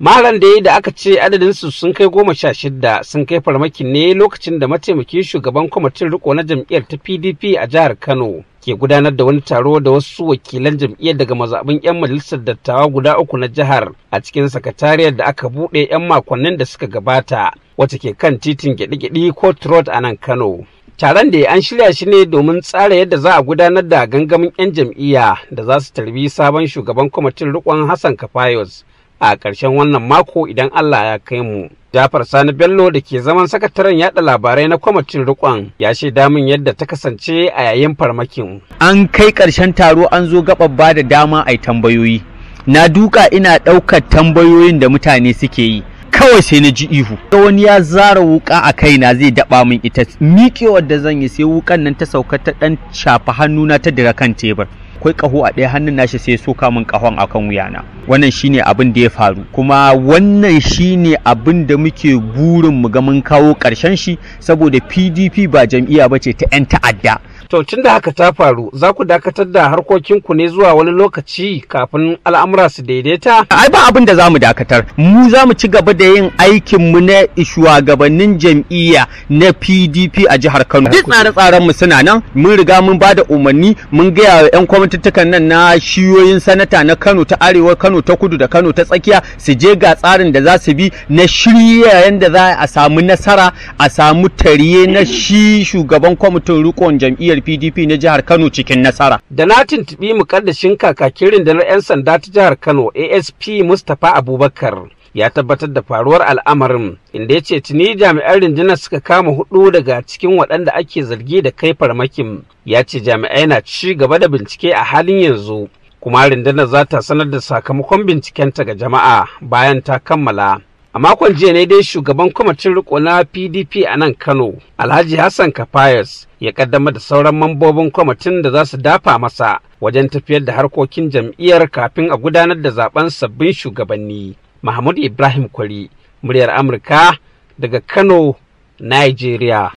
Maran da da aka ce adadin su sun kai goma sha shidda, sun kai farmakin ne lokacin da mataimakin shugaban kwamitin riko na jam'iyyar ta PDP a jihar Kano ke gudanar da wani taro da wasu wakilan jam'iyyar daga mazaɓin 'yan majalisar dattawa guda uku na jihar a cikin sakatariyar da aka buɗe 'yan makonnin da suka gabata wacce ke kan titin gyaɗe-gyaɗe ko trot a nan Kano. taron da an shirya shi ne domin tsara yadda za a gudanar da gangamin 'yan jam'iyya da za su tarbi sabon shugaban kwamitin Riƙon hassan kafayos a ƙarshen wannan mako idan Allah ya kai mu. Jafar Sani Bello da ke zaman sakataren yaɗa labarai na kwamitin rikon ya shaida damin yadda ta kasance a yayin farmakin. An kai ƙarshen taro an zo gaɓar ba da dama a tambayoyi. Na duka ina ɗaukar tambayoyin da mutane suke yi. kawai sai na ji ihu wani ya zara wuka a kaina zai daɓa min ita miƙewar da zan yi sai wukan nan ta sauka ta ɗan shafa hannuna ta dira kan tebur akwai ƙaho a ɗaya hannun nashi sai soka min kahon akan wuyana wannan shine abin da ya faru kuma wannan shine abin da muke burin mu ga mun kawo ƙarshen shi saboda PDP ba jam'iyya bace ta 'yan ta'adda To tun da haka ta faru za ku dakatar da harkokinku ne zuwa wani lokaci kafin al'amura su daidaita? Ai ba abin da za mu dakatar. Mu za mu ci gaba da yin aikin mu na shugabannin jam'iyya na PDP a jihar Kano. Duk tsare-tsaren mu suna nan mun riga mun ba da umarni mun gaya wa 'yan kwamitattukan nan na shiyoyin sanata na Kano ta Arewa, Kano ta Kudu da Kano ta Tsakiya su je ga tsarin da za su bi na shirya yadda za a samu nasara a samu tariye na shi shugaban kwamitin rikon jam'iyyar jam'iyyar PDP na jihar Kano cikin nasara. Da na tuntuɓi mukaddashin kakakin rundunar 'yan sanda ta jihar Kano ASP Mustapha Abubakar ya tabbatar da faruwar al'amarin inda ya ce tuni jami'an rundunar suka kama hudu daga cikin waɗanda ake zargi da kai farmakin ya ce jami'ai na ci gaba da bincike a halin yanzu kuma rundunar za ta sanar da sakamakon bincikenta ga jama'a bayan ta kammala. A makon jiya ne dai shugaban kwamitin riko na PDP a nan Kano, Alhaji Hassan Kafayas ya kaddamar da sauran mambobin kwamitin da za su dafa masa wajen tafiyar da harkokin jam'iyyar kafin a gudanar da zaben sabbin shugabanni. Mahmud Ibrahim Kwari, muryar Amurka daga Kano, Nigeria.